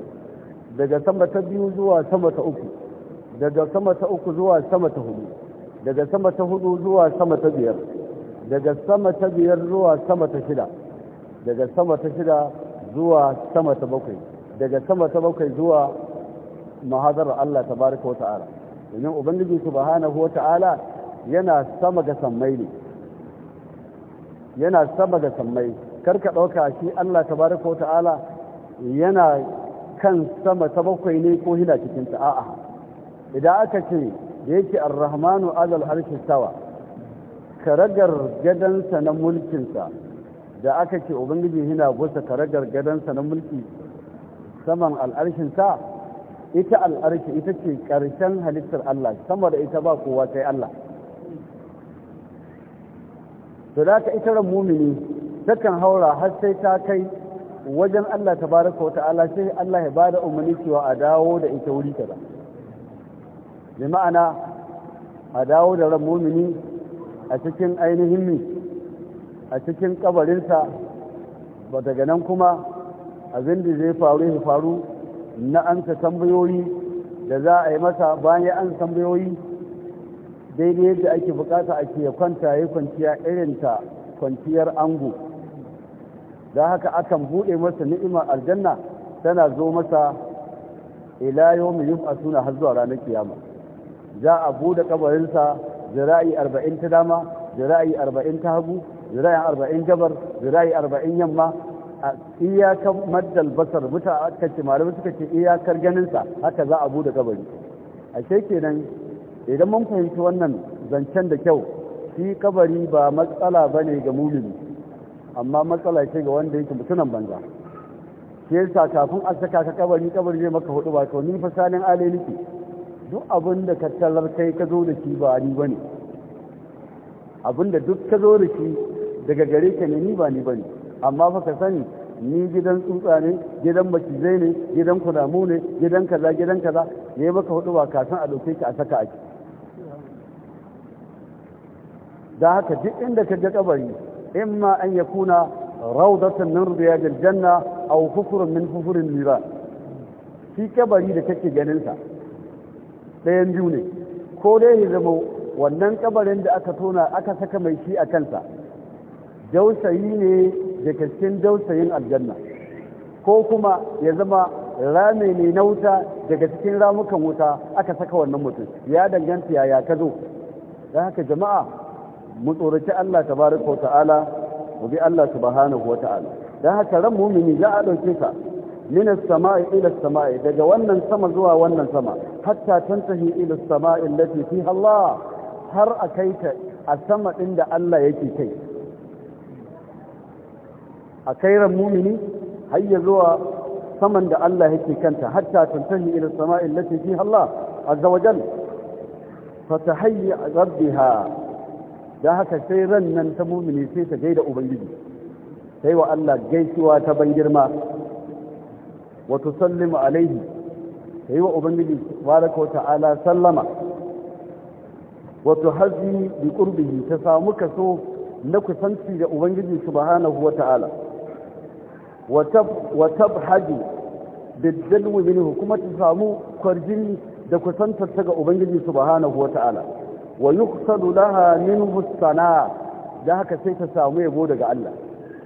Speaker 2: daga sama ta biyu zuwa sama ta uku daga sama ta uku zuwa sama ta hudu daga sama ta hudu zuwa sama ta biyar daga sama ta biyar zuwa sama ta shida daga sama ta shida zuwa sama ta bakwai daga sama ta bakwai zuwa mahadar Allah ta tabaraka wa ta'ala domin ubangiji subhanahu wa ta'ala yana sama ga sammai ne yana sama da sammai karka ɗauka shi Allah tabaraka wa ta'ala yana kan sama ta bakwai ne ko hina cikin ta a'a idan aka ce da yake ar-rahmanu alal arshi sawa karagar gadansa na mulkinsa da aka ce ubangiji hina gusa karagar gadansa na mulki saman al'arshinsa ita al'arshi ita ce ƙarshen halittar Allah sama da ita ba kowa sai Allah to za ka ita ran mumini takan haura har sai ta kai wajen Allah tabaraka wata'ala sai Allah ya bada umarni cewa a dawo da ita wuri ta ba. bi ma'ana a dawo da ran mumini a cikin ainihin mi a cikin kabarinsa ba daga nan kuma abin da zai faru ya faru na an amsa tambayoyi da za a yi masa bayan an tambayoyi daidai yadda ake bukata ake kwanta ya kwanciya irinta kwanciyar ango da haka akan buɗe masa ni'ima aljanna tana zo masa ila yawmi yub'asuna har zuwa ranar kiyama za a bude sa zira'i 40 ta dama zira'i 40 ta hagu zira'i 40 gabar zira'i 40 yamma a iyakar maddal basar muta aka ce malamai suka ce iyakar ganinsa haka za a bude kabari a kenan idan mun fahimci wannan zancen da kyau shi kabari ba matsala ba ne ga mulini amma matsala ce ga wanda yake mutunan banza Ke sa kafin a saka ka kabari kabari ne maka hudu ba to ni fa salin ale nake duk abin da ka tallar kai ka zo da shi ba ni ne abin da duk ka zo da shi daga gare ka ne ni ba ni ba ne amma fa ka sani ni gidan tsutsa ne gidan macizai ne gidan kudamu ne gidan kaza gidan kaza ne maka hudu ba kasan a dauke ka a saka a da haka duk inda ka ga kabari imma an yakuna rawdatan min riyadil janna aw hufrun min hufurin nira shi kabari da kake ganin sa ɗayan biyu ne ko dai ya zama wannan kabarin da aka tona aka saka mai shi a kansa dausayi ne da kaskin dausayin aljanna ko kuma ya zama rame ne na wuta daga cikin ramukan wuta aka saka wannan mutum ya danganta yaya ka zo don haka jama'a mu tsoraci Allah tabaraka wa ta'ala mu bi Allah subhanahu wa ta'ala dan haka ran mumini za a dauke sa min as-sama'i ila as-sama'i daga wannan sama zuwa wannan sama hatta tantahi ila as-sama'i allati fiha Allah har a kai ta a sama din da Allah yake kai a kai ran mumini har zuwa saman da Allah yake kanta hatta tantahi ila as-sama'i allati fiha Allah azza wa jalla fatahayya rabbiha don haka sai ran nan ta mumini sai ta gaida ubangiji sai wa Allah gaisuwa ta ban girma wa tusallimu alaihi sai wa ubangiji baraka wa ta'ala sallama wa tuhazzi bi qurbihi ta samu kaso na kusanci da ubangiji subhanahu wa ta'ala wa tabhaji bidalwi minhu kuma ta samu kwarjini da kusantar ta ga ubangiji subhanahu wa ta'ala wa yuqsadu laha minhu husana, da haka sai ta samu yabo daga Allah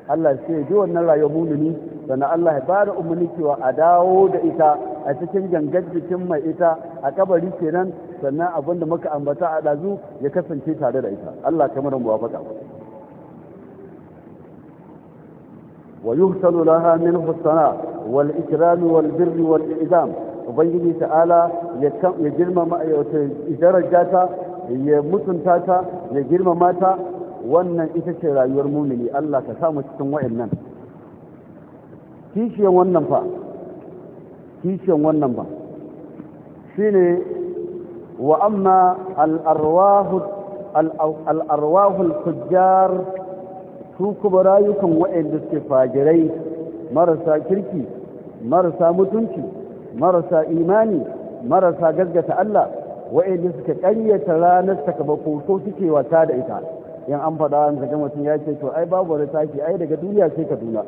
Speaker 2: Allah sai ya ji wannan rayuwar mumini sannan Allah ya bada umarni cewa a dawo da ita a cikin gangar jikin mai ita a kabari kenan sannan abinda muka ambata a dazu ya kasance tare da ita Allah kamar mu wafaka wa yuhsanu laha minhu sana wal ikram wal birr wal idam ubangiji ta'ala ya girmama ya daraja ta ya mutunta ta ya girmama ta wannan ita ce rayuwar mumini Allah ka samu cikin wa'annan kishiyan wannan fa kishiyan wannan ba shine wa amma al-arwahu al-arwahu al-fujjar su kuma rayukan wayanda suke fajirai marasa kirki marasa mutunci marasa imani marasa gaggata Allah wa'idin suka ƙayyata ranar sakamako ko suke wata da ita yan an faɗa an zaga mutum ya ce to ai babu wani taki ai daga duniya sai kaduna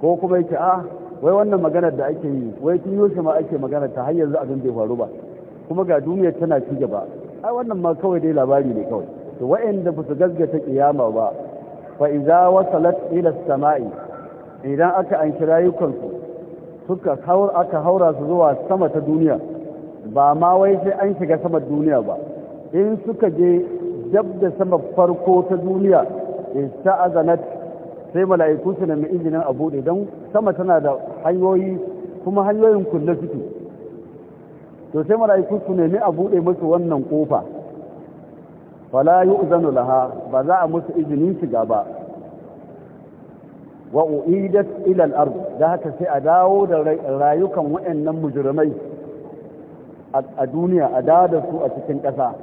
Speaker 2: ko kuma yake a ah, wai wannan maganar da ake yi wai tun yaushe ma ake maganar ta har yanzu abin bai faru ba kuma ga duniyar tana ci gaba ai wannan ma kawai dai labari ne kawai to wa'anda ba su gaskata kiyama ba fa iza wasalat ila samai idan aka an kirayukan su suka haura aka haura su zuwa sama ta duniya ba ma wai sai an shiga sama duniya ba in suka je dab da sama farko ta duniya azanat sai mala'iku su nemi izinin a buɗe don sama tana da hanyoyi kuma hanyoyin kulle suke to sai mala'iku su nemi a buɗe musu wannan kofa fala uzanu laha ba za a musu izinin shiga ba wa u'idat ila ard da haka sai a dawo da rayukan waɗannan mujrimai a duniya a dada su a cikin ƙasa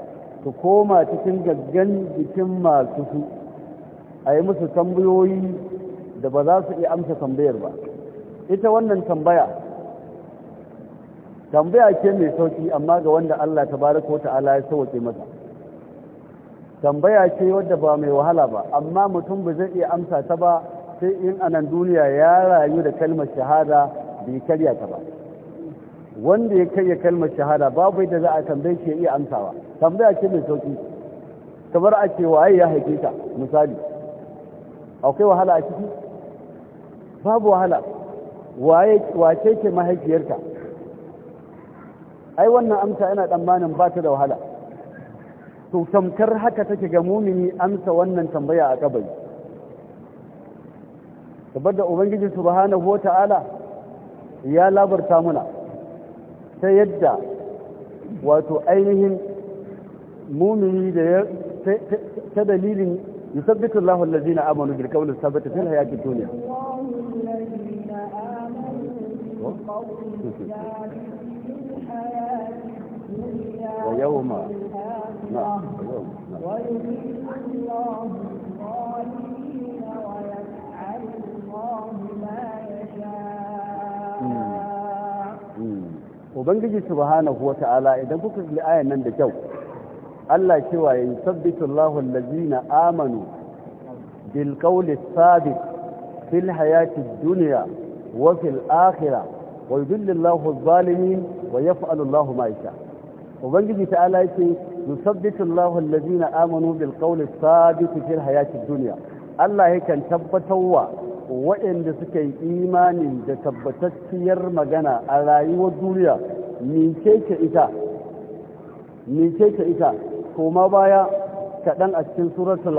Speaker 2: su koma cikin gaggan jikin masu su a yi musu tambayoyi da ba za su iya amsa tambayar ba ita wannan tambaya tambaya ke mai sauki amma ga wanda Allah ta baraka wata ta'ala ya sauke masa tambaya ce wadda ba mai wahala ba amma mutum ba zai iya amsa ta ba sai in anan duniya ya rayu da kalmar shahada bai karya ta ba wanda ya kai ya kalmar shahada babu yadda za a tambaye shi ya iya amsawa tambaya ce mai sauki kamar a ce waye ya haife ta misali akwai wahala a ciki babu wahala waye wace ce mahaifiyarta ai wannan amsa yana tsammanin ba ta da wahala to tamkar haka take ga mumini amsa wannan tambaya a kabari saboda ubangiji subhanahu wata'ala ya labarta muna ta yadda wato ainihin mumini da ta dalilin yusabbitu Allahu allazina amanu bil qawli sabata fil hayatid dunya
Speaker 1: ويوم نعم ويوم ويذل الله الظالمين ويفعل الله ما يشاء
Speaker 2: ubangiji subhanahu wata'ala idan kuka kalli ayan nan da kyau Allah cewa ya sabbitu Allahu allazina amanu bil qawli sabit fil hayati dunya wa fil akhirah wa yudillu Allahu adh-dhalimin wa yaf'alu Allahu ma yasha ubangiji ta'ala yake yusabbitu Allahu allazina amanu bil qawli sabit fil hayati dunya Allah yakan tabbatarwa waɗanda suka yi imani da tabbatacciyar magana a rayuwar duniya mice ita mice ita koma baya kaɗan a cikin suratul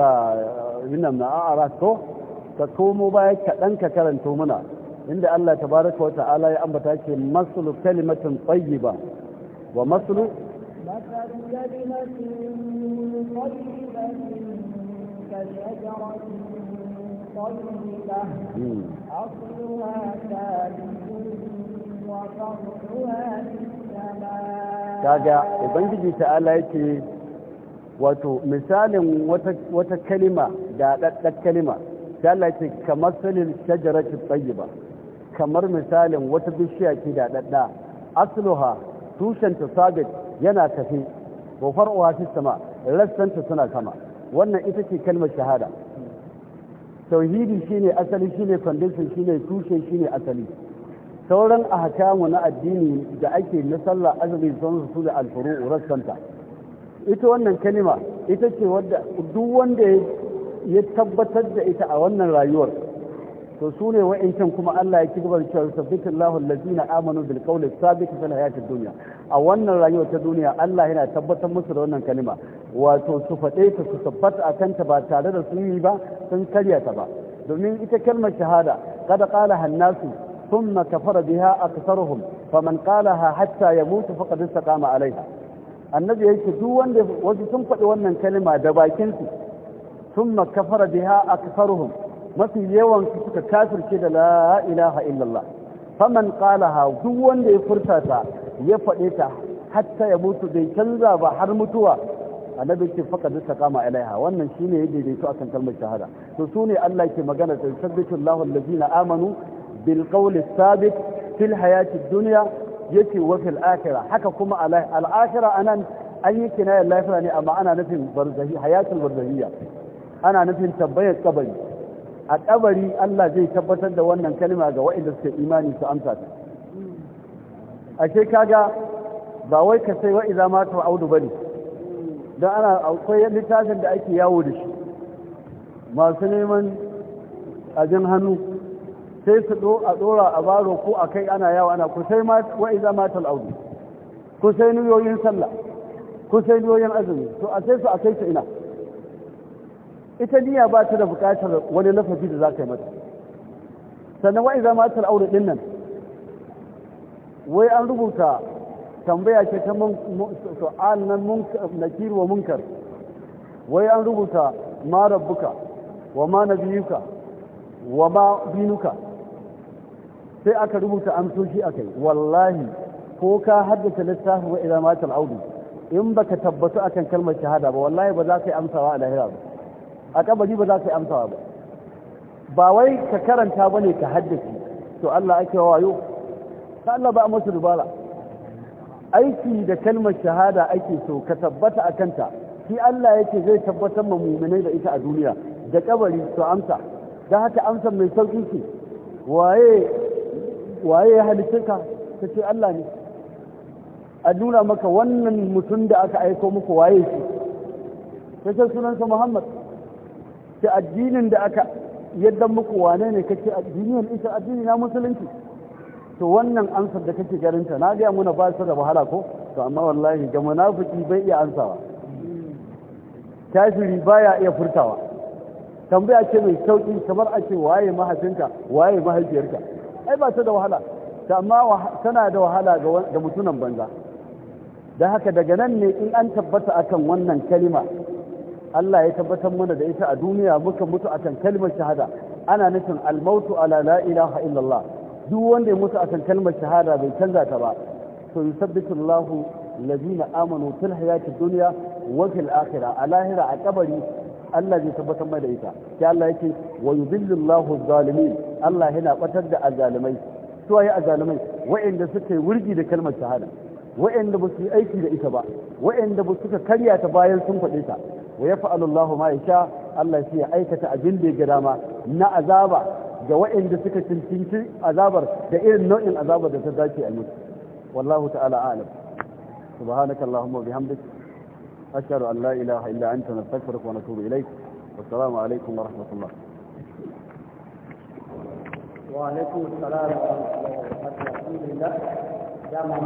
Speaker 2: yunam eh, na a'ara ko ka komo baya kaɗan ka karanto mana inda Allah tabaraka wa ta'ala ya ambata ke maslu kalimatin tayyiba wa maslu
Speaker 1: kalimatin tayyibatin طيبة أصلها ثابت وفرعها
Speaker 2: في السماء wato misalin wata kalima da ɗaɗɗar kalima ta yake kamar salin shajaracin tsayi ba kamar misalin wata bishiya ke da ɗaɗɗa asluha tushenta sabit yana tafi wa far'uha fi sama rassanta suna sama wannan ita ce kalmar shahada tauhidi shine asali shine foundation shine tushe shine asali sauran ahkamu na addini da ake na sallah azumi sun su da alfuru rasanta ita wannan kalima ita ce wadda duk wanda ya tabbatar da ita a wannan rayuwar to su ne wa'incan kuma Allah ya ci gaba da cewa sabbitin Allahu allazina amanu bil qawli sabit fil hayatid dunya a wannan rayuwar ta duniya Allah yana tabbatar musu da wannan kalima wato su faɗe ta su tabbata akan ta ba tare da sun yi ba sun karya ta ba domin ita kalmar shahada kada qala hannasu thumma kafara biha aktharuhum faman qalaha hatta yamutu faqad istaqama alaiha annabi yake duk wanda wasu sun faɗi wannan kalima da bakin su thumma kafara biha aktharuhum mafi yawan su suka kafirce da la ilaha illallah faman qalaha duk wanda ya furta ta ya faɗe ta hatta ya mutu bai canza ba har mutuwa annabi ce faka da ilaiha wannan shine ya daidaito akan kalmar shahada to su ne Allah ke magana da sabbitu Allahu allazina amanu bil qawli sabit fil hayati dunya yace wa fil akhirah haka kuma al akhirah anan an yi kinayar lafiya ne amma ana nufin barzahi hayatul barzahiyya ana nufin tabbayar kabari a kabari Allah zai tabbatar da wannan kalima ga waɗanda suka imani su amsa ta ashe kaga ba wai ka sai wa'iza ma ta audu bane don ana akwai littafin da ake yawo da shi masu neman ajin hannu sai su a dora a baro ko a kai ana yawo ana ku ma wa'iza ma ta audu sai niyoyin sallah ku sai niyoyin azumi to a sai su a kai ta ina ita niyya ba ta da bukatar wani lafafi da za ka yi mata sannan wa'i za matar aure ɗin nan wai an rubuta tambaya ce ta su'al nan nakir wa munkar wai an rubuta ma rabbuka wa ma nabiyuka wa ma dinuka sai aka rubuta amsoshi a kai wallahi ko ka haddace littafin wa'i za matar aure in baka tabbatu akan kalmar shahada ba wallahi ba za ka yi amsawa a lahira ba a kabari ba za ka yi amsawa ba ba wai ka karanta ba ne ka haddasi to Allah ake wayo ta Allah ba masu dubara aiki da kalmar shahada ake so ka tabbata a kanta shi Allah yake zai tabbatar ma muminai da ita a duniya da kabari to amsa da haka amsa mai sauƙi ce waye waye ya halittarka ta ce Allah ne a nuna maka wannan mutum da aka aiko muku waye shi ta ce sunansa Muhammad ta addinin da aka yadda muku wane ne kake addinin ita addini na musulunci to wannan ansar da kake garinta na gaya muna ba su da wahala ko to amma wallahi ga munafiki bai iya ansawa kafiri baya iya furtawa tambaya ce mai sauki kamar a ce waye mahaifinka waye mahaifiyarka ai ba su da wahala amma tana da wahala ga mutunan banza da haka daga nan ne in an tabbata akan wannan kalima Allah ya tabbatar mana da ita a duniya muka mutu akan kalmar shahada ana nufin almautu ala la ilaha illallah duk wanda ya mutu kan kalmar shahada bai canza ta ba to yusabbitu Allahu allazina amanu fil hayati dunya wa fil a lahira a Allah zai tabbatar mana da ita sai Allah yake wa yudillu Allahu zalimin Allah yana batar da azalimai su ayi azalimai wa'anda suka yi wurgi da kalmar shahada wa'anda ba su yi aiki da ita ba wa'anda ba suka karya ta bayan sun faɗe ta ويفعل الله ما يشاء الله يسيء أيك تأجل دي قرامة نا أذابة جوائن دي سكة تنسيتي أذابر دائر نوئن أذابة دي سداتي والله تعالى أعلم سبحانك اللهم وبحمدك أشهد أن لا إله إلا أنت نستغفرك ونتوب إليك والسلام عليكم ورحمة الله
Speaker 3: وعليكم السلام ورحمة الله وبركاته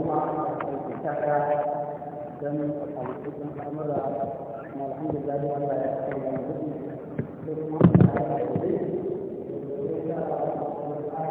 Speaker 3: ورحمة الله don a kwanakin al'amura na alhamdulillah da Allah ya kai da mutum da kuma